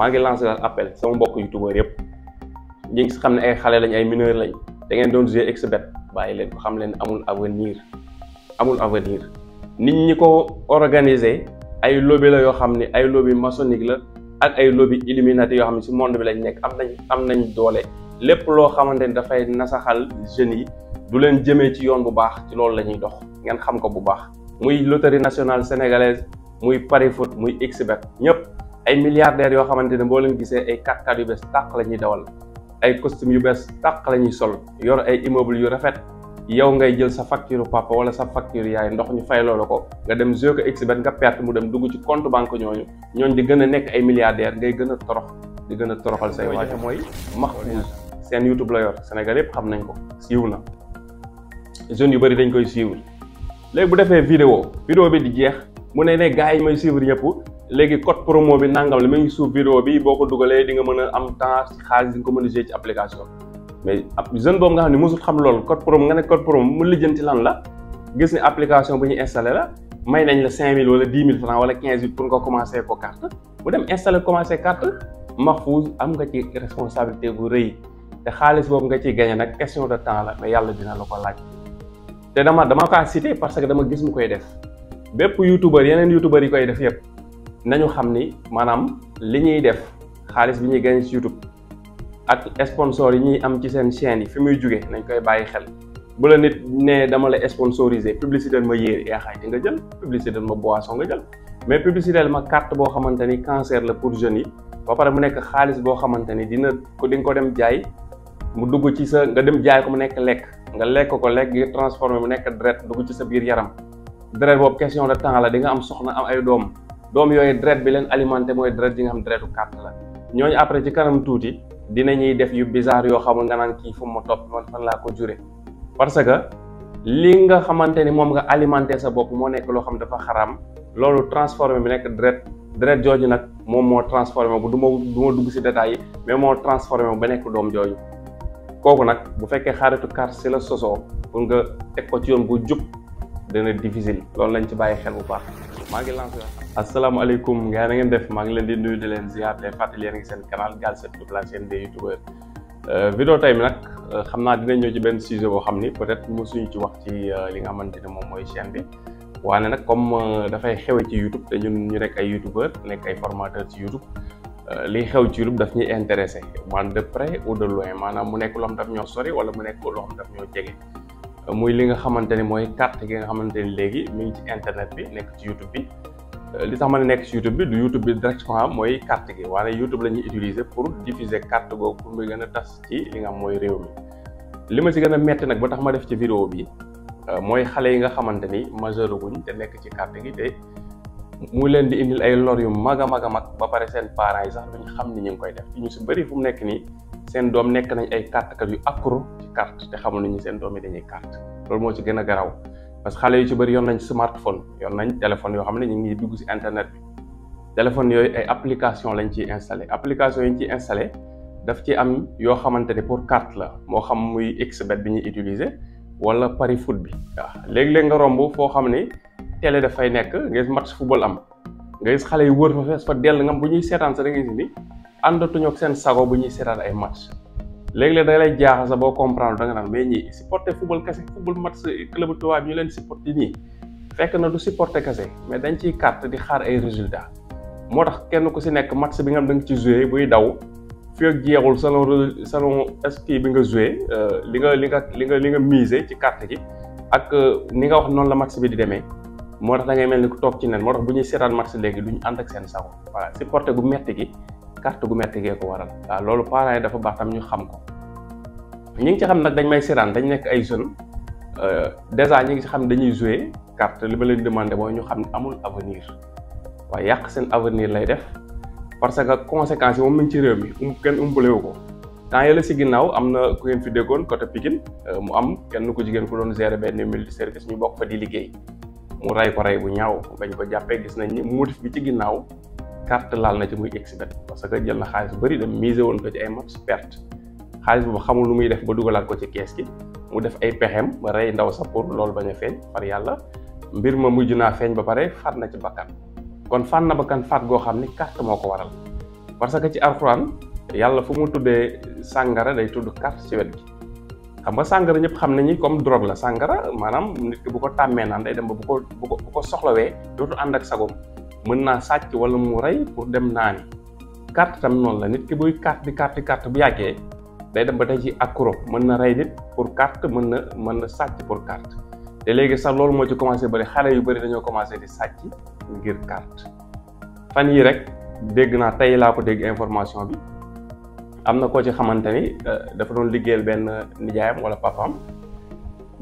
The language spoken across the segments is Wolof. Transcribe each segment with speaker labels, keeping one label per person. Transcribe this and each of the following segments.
Speaker 1: maa ngi lancé daal appel sama mbokk youtubeur yëpp ñi xam ne ay xale lañ ay mineur lañ dangeen ngeen doon jouer xbet bàyyi leen ko xam leen amul avenir amul avenir nit ñi ko organiser ay lobi la yoo xam ne ay lobby maçonnique la ak ay lobi illuminati yoo xam ne ci monde bi lañ nekk am nañ am nañ doole lépp loo xamante ni dafay nasaxal jeunes yi du leen jëmee ci yoon bu baax ci loolu la ñuy dox ngeen xam ko bu baax muy loterie nationale sénégalaise muy pari foot muy xbet ñëpp ay milliardaires yoo xamante ne boo leen gisee ay kàkkaat yu bees tàq la ñuy dawal ay costume yu bees tàq la ñuy sol yor ay immeuble yu rafet yow ngay jël sa facture papa wala sa facture yaay ndox ñu fay loola ko nga dem jeu ko xbet nga perte mu dem dugg ci compte banque ñooñu ñooñ di gën nekk ay milliardaires ngay gën a torox di gën a toroxal say waajur mooy Mahfouz seen YouTube la yor Sénégal yëpp xam nañ ko siiw na jeunes yu bëri dañ koy suivre léegi bu defee vidéo vidéo bi di jeex mu ne ne gars yi may suivre ñëpp léegi code promo bi nangam la mu ngi suuf vidéo bi boo ko dugalee di nga mën a am temps xaalis di nga ko mën a gérer ci application mais ab jeune boobu nga xam ne mosul xam loolu code promo nga ne code promo mu lijjanti lan la gis ne application bu ñu installé la may nañ la 5000 wala 10 mille francs wala 15 000 pour nga commencé ko carte mu dem installé commencé carte Mahfouz am nga ci responsabilité bu rëy te xaalis boobu nga ciy gagné nag question de temps la yàlla dina la ko laaj te dama dama kaa cité parce que dama gis mu koy def bépp youtubeur yeneen youtubeur yi koy def yëpp. nañu xam ni maanaam li ñuy def xaalis bi ñuy gañ ci YouTube ak sponsor yi ñuy am ci seen chaîne yi fi muy jóge nañ koy bàyyi xel bu la nit nee dama la sponsorisé publicité ma yére yaa xayti nga jël publicité ma boisson nga jël mais publicité ma carte boo xamante ni cancer la pour jeunes yi ba pare mu nekk xaalis boo xamante ni dina ko di nga ko dem jaay mu dugg ci sa nga dem jaay ko mu nekk lekk nga lekk ko lekk gi transformé mu nekk deret dugg ci sa biir yaram deret boobu question de temps la di nga am soxna am ay doom doom yooyu deret bi leen alimenté mooy dret yi nga xam deretu carte la ñooñu après ci kanam tuuti dinañuy def yu bizarre yoo xamul nga naan kii fu mu ma topp man fan laa ko jure parce que li nga xamante ni moom nga alimenté sa bopp moo nekk loo xam dafa xaram loolu transformé bi nekk deret deret jooju nag moom moo transformé bu du ma du dugg si détails yi mais moo transformé ba nekk doom jooju kooku nag bu fekkee xaritu carte ci la sosoo pour nga teg ko ci yoon bu jub dana difficile loolu lañ ci bàyyi xel bu baax maa ngi lancé asalaamaaleykum gars yi na ngeen def maa ngi leen di nuyu di leen ziar di leen fàttali yéen ngi seen canal Galsen Tube la chaîne des youtubeurs euh, vidéo tey bi nag euh, xam naa dinañ ñëw ci benn sujet boo xam ni peut-être suñu ci wax ci euh, li nga xamante ne moom mooy chaîne bi waane nag comme dafay xew ci youtube te ñun ñu nekk ay youtubeur nekk ay formateur ci youtube liy xew ci youtube daf ñuy intéressé man de près ou de loin maanaam mu nekk loo xam daf ñoo sori wala mu nekk loo xam ñoo jege muy li nga xamante ni mooy carte gi nga xamante ni léegi mi ngi ci internet bi nekk ci YouTube bi euh, li tax ma ne nekk ci YouTube bi du YouTube bi directement mooy carte gi waaye YouTube la ñuy utiliser pour diffuser carte googu pour muy gën a tas ci li nga xam mooy réew mi li ma si gën a metti nag ba tax ma def ci vidéo bi euh, mooy xale yi nga xamante ni majeur guñ te nekk ci carte gi te mu leen di indil ay lor yu mag a mag a mag ba pare seen parents yi sax xam ni ñu ngi koy def ñu si bëri fu mu nekk nii seen doom nekk nañ ay carte kat yu accro carte te xamul seen doom yi dañuy carte loolu moo ci gën a garaw parce que xale yu ci bëri yoon nañ smartphone yoon nañ téléphone yoo xam ne ñu ngi dugg si internet bi téléphone yooyu ay application lañ ciy installé application yi ñu ciy installé daf ci am yoo xamante ne pour carte la moo xam muy xbet bi ñuy utiliser wala pari foot bi waaw léegi-léeg nga romb foo xam ne télé dafay nekk nga gis match football am nga gis xale yu wër fa fees fa dell àndatuñu ak seen sago bu ñuy seetaan ay match léeg-léeg da lay jaaxal sax boo comprendre da nga naan mais ñii supporter football kese football match club tubaab ñu leen supporter nii fekk na du supporter kese mais dañ ciy carte di xaar ay résultats moo tax kenn ku si nekk match bi nga xam da nga ci joué buy daw fii ak jeexul selon selon ski bi nga joué euh, li nga li nga li nga li nga misé ci carte gi ak euh, ni nga wax noonu la match bi di demee moo tax da ngay mel ni ku toog ci nen moo tax bu ñuy seetaan match léegi du ñu ànd ak seen sago gi. carte gu metti gee ko waral waaw loolu parents yi dafa baax tam ñu xam ko ñi ngi ci xam nag dañ may siraan dañ nekk ay jeunes euh, dèjà ñi ngi ci xam ne dañuy jouer carte li ma leen demandé mooy ñu xam ne amul avenir waaye yàq seen avenir lay def parce que conséquence yi moom mi ngi ci réew mi um kenn umbulewu ko temps yële si ginnaaw am na ku ngeen fi déggoon côté Pikine euh, mu am kenn ku jigéen ku doon gérer benn multi service ñu bokk fa di liggéey mu rey ko rey bu ñaaw bañ ko jàppee gis nañ ni motif bi ci ginnaaw carte laal na ci muy xbet parce que jël na xaalis bu bëri dem misé woon ko ci ay match perte xaalis boobu xamul lu muy def ba dugalaat ko ci kees gi mu def ay pexeem ba rey ndaw sa pour loolu bañ a feeñ far yàlla mbir ma mujj naa feeñ ba pare faat na ci bakkan kon faat na bakkan faat goo xam ni carte moo ko waral parce que ci alxuraan yàlla fu mu tuddee sàngara day tudd kart ci wet gi xam nga sàngara ñëpp xam nañu comme drogue la sàngara maanaam nit ki bu ko tàmmee naan day dem ba bu ko bu ko ko soxlawee dootu ànd ak sagoom mën naa sàcc wala mu rey pour dem naani carte tam noonu la nit ki buy carte di carte carte bu yàkkee day dem ba tey ci accro mën na rey nit pour carte mën na mën na sàcc pour carte te léegi sax loolu moo ci commencé bari xale yu bëri dañoo commencé di sàcc ngir carte fan yi rek dégg naa tey laa ko dégg information bi am na koo ci xamante ni euh, dafa doon liggéeyal benn nijaayam wala papaam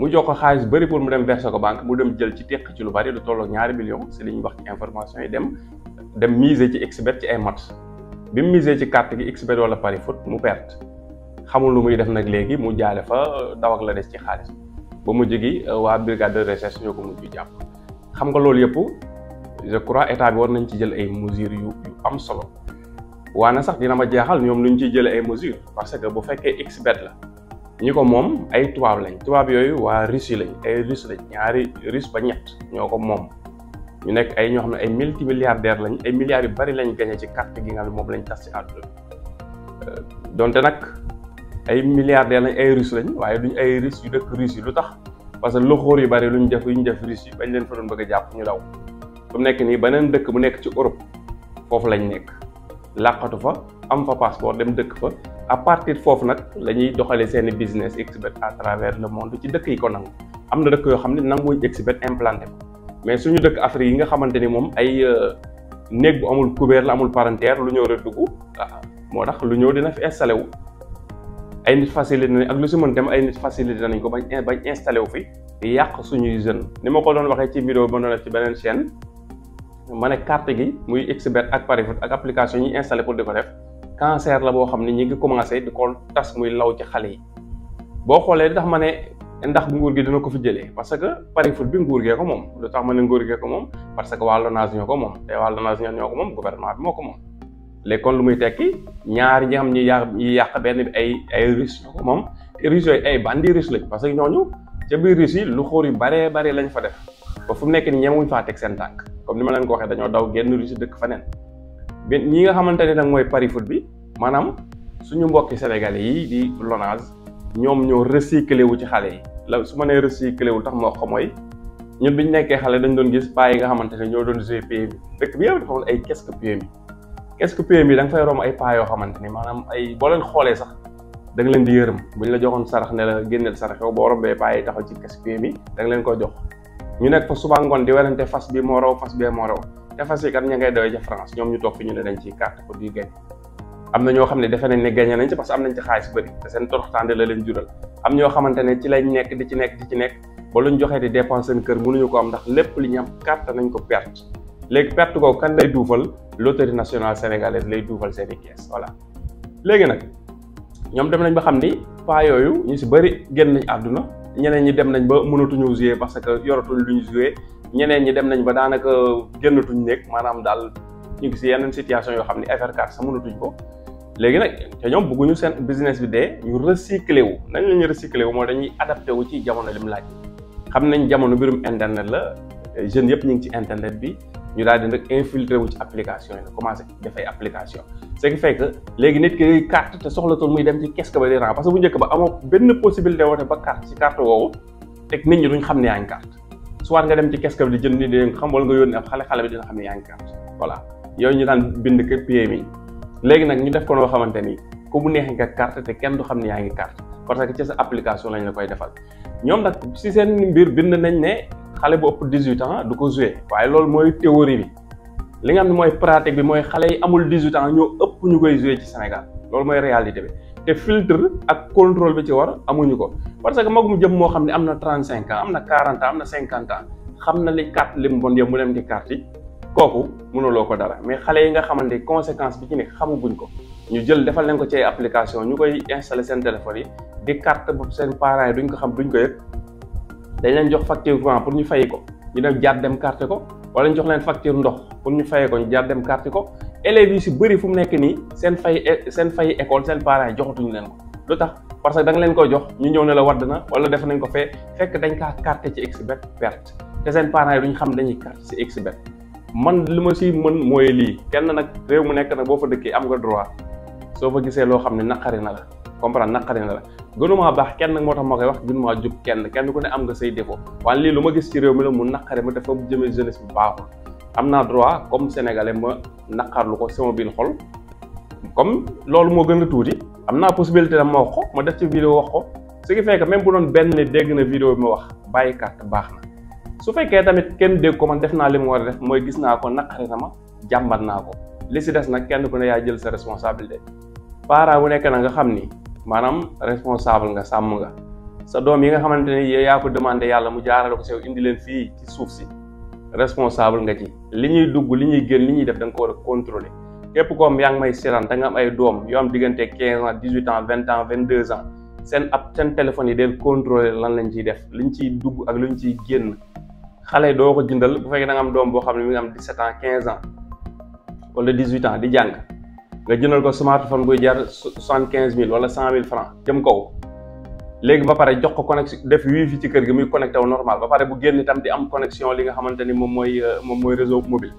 Speaker 1: mu jox ko xaalis bëri pour mu dem verser ko banque mu dem jël ci teq ci lu bari lu tolloo ñaari million c'est li wax ci information yi dem dem miser ci xbet ci ay mat bi mu miser ci carte gi xbet wala pari foot mu perte xamul lu muy def nag léegi mu jaale fa daw ak la des ci xaalis ba mu jigi euh, waa brigade de recherche ñoo ko mujj jàpp xam nga loolu yëpp je crois état bi war nañ ci jël ay mesures yu am solo waana sax dina ma jeexal ñoom luñ ci jëlee ay mesures parce que bu fekkee xbet la ñi ko moom ay tubaab lañ tubaab yooyu waa Russie lañ ay Russes lañ ñaari Russe ba ñett ñoo ko moom ñu nekk ay ñoo xam ne ay multimilliardaire lañ ay milliards yu bari lañ gagné ci carte gi nga moom lañ tas ci àdduna euh, donte nag ay milliardaire lañ ay Russe lañ waaye duñ ay Russe yu dëkk Russie lu tax parce que loxoor yu bari luñ def yuñ def Russie bañ leen fa doon bëgg a jàpp ñu daw fu nekk nii beneen dëkk bu nekk ci Europe foofu lañ nekk. làqatu fa am fa passeport dem dëkk fa à partir foofu nag la ñuy doxalee seeni business Xbet à travers le monde ci dëkk yi ko nangu am na dëkk yoo xam ne nanguwuñ Xbet implanté ko mais suñu dëkk Afrique yi nga xamante ni moom ay euh, néeg bu amul couvert la amul parentière lu ñëw rek dugg ah, moo tax lu ñëw dina fi installé wu ay nit facilité nañ ak lu si mën dem ay nit facilité nañ ko bañ bañ installé wu fi yàq suñuy jeunes ni ma ko doon waxee ci vidéo ba doon def ci beneen chaîne ma ne carte gi muy xbet ak parifoot ak application yi installé pour di ko def cancer la boo xam ne ñi ngi commencé di ko tas muy law ci xale yi boo xoolee tax ma ne ndax nguur gi dina ko fi jëlee parce que parifoot bi nguur gee ko moom lu tax ma ne nguur gee ko moom parce que waa LONASE ñoo ko moom te waa LONASE ñoo ko moom gouvernement bi moo ko moom léegi kon lu muy tekki ñaari ñi xam ñi yàq ñi yàq benn bi ay ay russe moom russe yooyu ay bandi russe parce que ñooñu ca biir russe yi lu xóor yu baree bare lañ fa def ba fu mu nekk ni ñemewuñ faa teg seen tànk comme ni ma leen ko waxee dañoo daw génn Russie dëkk faneen benn ñi nga xamante ne nag mooy Pari foot bi maanaam suñu mbokki sénégalais yi di Lonase ñoom ñoo recyclé wu ci xale yi la su ma nee recyclé wu tax moo wax ko mooy ñun bi ñu nekkee xale dañu doon gis paa yi nga xamante ne ñoo doon joué PMI dëkk bi yow dafa ay qu'est-ce que PMI qu'est-ce que PMI nga fay yoo xamante ni maanaam ay boo leen xoolee sax da leen di yërëm bu ñu la joxoon sarax ne la génneel sarax yow boo rombee paa yi ci qu'est-ce que leen ko jox ñu nekk fa suba ngoon di werante fas bi moo fas bee moo te fas yi kat ña ngay dawee ca France ñoom ñu toog ñu ne dañ ciy carte pour di gañ am na ñoo xam ne defe nañ ne gañe nañ ci parce que am nañ ci xaalis bëri te seen ne ci lañ nekk di ci nekk di ci nekk ba luñ joxee di dépense seen kër mënuñu ko am ndax lépp li ñu am carte nañ ko perte léegi perte ko kan lay duufal loterie nationale sénégalaise lay duufal seen i kees voilà léegi nag ñoom dem nañ ba xam ni paa yooyu ñu si bëri génn nañ ñeneen ñi dem nañ ba mënatuñu jouer parce que yoratuñ luñu jouer ñeneen ñi dem nañ ba daanaka génnatuñ nekk maanaam daal ñu ngi si yeneen situation yoo xam ne FR4 sax mënatuñ ko léegi nag te ñoom bëgguñu seen business bi dee ñu recyclé wu nañ la ñu recyclé moo dañuy adapté wu ci jamono li mu laaj xam nañ jamono mbirum internet la jeunes yëpp ñu ngi ci internet bi ñu daal di nag infiltré wu ci application yi nga nit ñi duñ xam ne yaa ngi carte soit nga dem ci kees bi di jënd ni di xam wala nga yónni ab xam ne yaa ngi carte voilà yooyu ñu daan bind ke PMI yi léegi nag ñu def ko noo xamante ni ku mu neexee nga carte te kenn du xam ne yaa ngi carte parce que ci sa application lañ la koy defal ñoom nag si seen mbir bind nañ ne xale bu ëpp dix du ko joué waaye loolu mooy théorie bi li nga xam ne mooy pratique bi mooy xale yi amul dix-huit ñoo ëpp ñu koy joué ci Sénégal loolu mooy réalité bi te filtre ak contrôle bi ci war amuñu ko parce que magum jëm moo xam ne am na trente-cinq ans am na quarante am na cinquante ans xam na li carte lim bon yëpp mu dem ci carte yi kooku mënuloo ko dara mais xale yi nga xamante conséquence bi ci ne xamaguñ ko ñu jël defal leen ko ci ay ñu koy installé seen téléphone yi di carte bu seen parents yi duñ ko xam duñ ko yëg dañ leen jox facture courant pour ñu fay ko ñu dem jaar dem carte ko wala ñu jox leen facture ndox pour ñu fay ko ñu jaar dem carte ko élèves yi si bëri fu mu nekk nii seen fay seen fay école seen parents yi joxatuñu leen ko lu tax parce que da leen ko jox ñu ñëw ne la wadd na wala def nañ ko fee fekk dañ kaa carte ci Xbet perte te seen parents yi duñu xam dañuy carte ci Xbet man li ma si mën mooy lii kenn nag réew mu nekk nag boo fa dëkkee am nga droit soo fa gisee loo xam ne naqari na la comprendre naqari na la gënumaa baax kenn nag moo tax ma koy wax gënumaa jub kenn kenn ku ne am nga say défaut waaye lii lu ma gis ci réew mi la mu naqare ma dafa jëmee jeunesse bi baaxul am naa droit comme sénégalais ma naqarlu ko sama biir xol comme loolu moo gën a tuuti am naa possibilité la ma wax ko ma def ci vidéo wax ko ce qui fait que même bu doon benn dégg na vidéo bi ma wax bàyyi carte baax na su fekkee tamit kenn dégg ko man def naa li mu war a def mooy gis naa ko naqare na ma jàmbat naa ko li si des nag kenn ku ne yaa jël sa responsabilité parent bu nekk na nga xam ni maanaam responsable nga sàmm nga sa doom yi nga xamante ne yow yaa ko demandé yàlla mu jaarale ko sew indi leen fii ci suuf si responsable nga ci li ñuy dugg li ñuy génn li ñuy def da ko war a contrôler képp koom yaa ngi may siran da nga am ay doom yoo am diggante quinze ans dix huit ans vingt ans vingt deux ans seen ab seen téléphone yi del contrôler lan lañ ciy def li ñu ciy dugg ak ñu ciy génn xale doo ko jëndal bu fekkee da nga am doom boo xam ne mi nga am dix sept ans quinze wala dix huit ans di jàng nga jëndal ko smartphone buy jar soixante quinze mille wala cent mille franc jëm kaw léegi ba pare jox ko connexion def wifi ci kër gi muy connecté wu normal ba pare bu génn itam di am connexion li nga xamante ni moom mooy euh, moom mooy réseau mobile.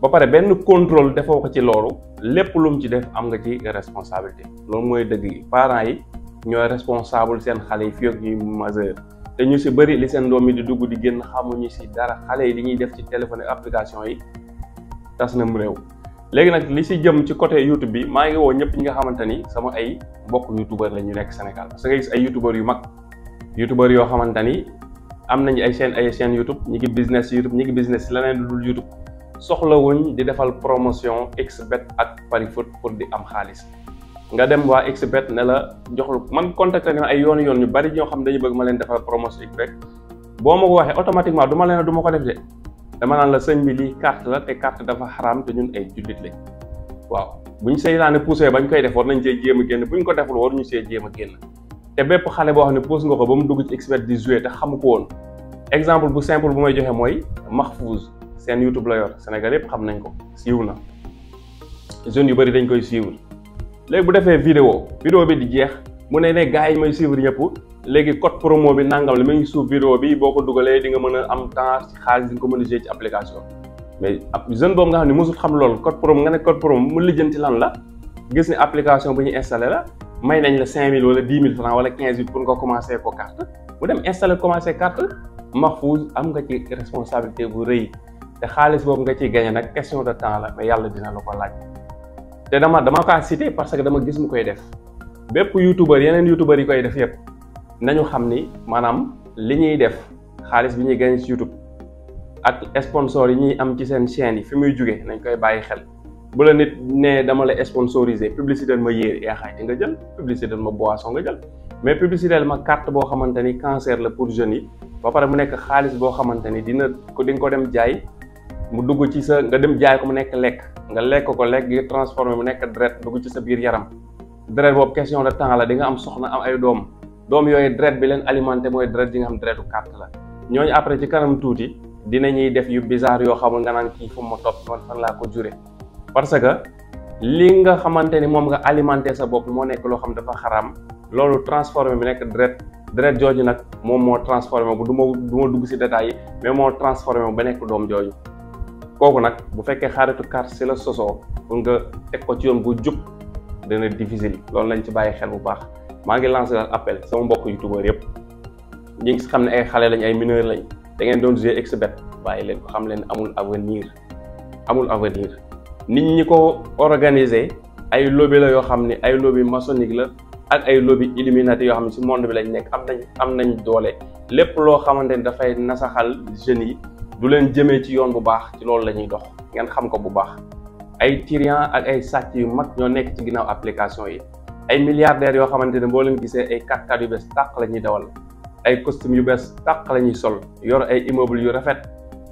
Speaker 1: ba pare benn contrôle defoo ko ci loolu lépp lu mu ci def am nga ci responsabilité loolu mooy dëgg yi parent yi ñooy responsable seen xale yi fii ak ñuy majeur te ñu si bëri li seen doom yi di dugg di génn xamuñu si dara xale yi li ñuy def ci téléphone application yi tas na mu réew. léegi nag li si jëm ci côté YouTube bi maa ngi woon ñëpp ñi nga xamante ni sama ay mbokk youtubeur la ñu nekk senegal parce ay youtubeur yu mag youtubeur yoo xamante ni am nañu ay chaîne ay chaîne YouTube ñi ngi business YouTube ñi ngi business leneen lu dul YouTube soxlawuñ di defal promotion xbet ak Paris Foot pour di am xaalis nga dem waa xbet ne la joxlu man contacté na ay yoon yoon ñu bari ñoo xam dañu bëgg ma leen defal promotion xbet boo ma ko waxee automatiquement du ma leen du ma ko def de dama naan la sëñ bi lii carte la te carte dafa xaraam te ñun ay jullit lañ waaw bu ñu seytaane poussé bañ koy def war nañ see jéem a génn bu ñu ko deful war ñu see jéem a génn te bépp xale boo xam ne pousse nga ko ba mu dugg ci expert di jouer te xamu ko woon exemple bu simple bu may joxe mooy Mahfouz seen YouTube la yor Sénégal yëpp xam nañ ko siiw na jeunes yu bëri dañ koy suivre léegi bu defee vidéo vidéo bi di jeex mu ne ne gars yi may suivre ñëpp léegi code promo bi nangam la mi ngi suuf vidéo bi boo ko dugalee di nga mën a am temps xaalis di ko mën a jël ci application mais ab jeune boobu nga xam ne xam loolu code promo nga ne code promo mu lijjanti lan la gis ne application bu ñu installé la may nañ la 5000 wala 10 000 francs wala 15 000 pour nga commencé ko carte mu dem installé commencé carte Mahfouz am nga ci responsabilité bu rëy te xaalis boobu nga ciy gagné nag question de temps la mais yàlla dina la ko laaj te dama dama kaa cité parce que dama gis mu koy def bépp youtubeur yeneen youtubeur yi koy def yëpp. nañu xam ni maanaam li ñuy def xaalis bi ñuy gañ ci YouTube ak sponsor yi ñuy am ci seen chaîne yi fi muy jóge nañ koy bàyyi xel bu la nit nee dama la sponsorisé publicité ma yéer yaaxaay nga jël publicité ma boisson nga jël mais publicité ma carte boo xamante ni cancer la pour jeunes yi ba pare mu nekk xaalis boo xamante ni dina ko di nga ko dem jaay mu dugg ci sa nga dem jaay ko mu nekk lekk nga lekk ko lekk gi transformé mu nekk deret dugg ci sa biir yaram deret boobu question de temps la di nga am soxna am ay doom doom yooyu deret bi leen alimenté mooy deret yi nga xam deretu carte la ñooñu après ci kanam tuuti ñuy def yu bizarre yoo xamul nga naan kii fu ma topp man fan laa ko jure parce que li nga xamante ni moom nga alimenté sa bopp moo nekk loo xam dafa xaram loolu transformé bi nekk deret deret jooju nag moom moo transformé bu du ma du ma dugg si détails yi mais moo transformé ba nekk doom jooju kooku nag bu fekkee xaritu carte si la sosoo pour nga teg ko ci yoon bu jub dina difficile loolu lañ ci bàyyi xel bu baax maa ngi lancé daal appel sama mbokk youtubeur yëpp ñi ngi xam ne ay xale lañ ay mineur lañ te ngeen doon jouer xbet bàyyi leen ko xam leen amul avenir amul avenir nit ñi ko organiser ay lobby la yoo xam ne ay lobby maçonnique la ak ay lobby illuminati yoo xam ne si monde bi lañ nekk am nañ am nañ doole lépp loo xamante ni dafay nasaxal jeunes yi du leen jëmee ci yoon bu baax ci loolu la ñuy dox ngeen xam ko bu baax ay tyran ak ay sàcc yu mag ñoo nekk ci ginnaaw application yi ay milliardaires yoo xamante ne boo leen gisee ay 4x4 yu bees tàq la ñuy dawal ay costume yu bees tàq la ñuy sol yor ay immeuble yu rafet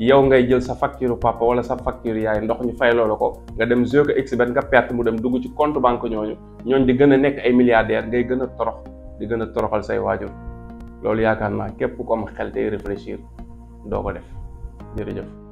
Speaker 1: yow ngay jël sa facture papa wala sa facture yaay ndox ñu fay loola ko nga dem jeu ko exhibet nga perte mu dem dugg ci compte banque ñooñu ñooñ di gën a nekk ay milliardaires ngay gën a torox di gën a toroxal say waajur loolu yaakaar naa képp ku am xel tey réfléchir doo ko def jërëjëf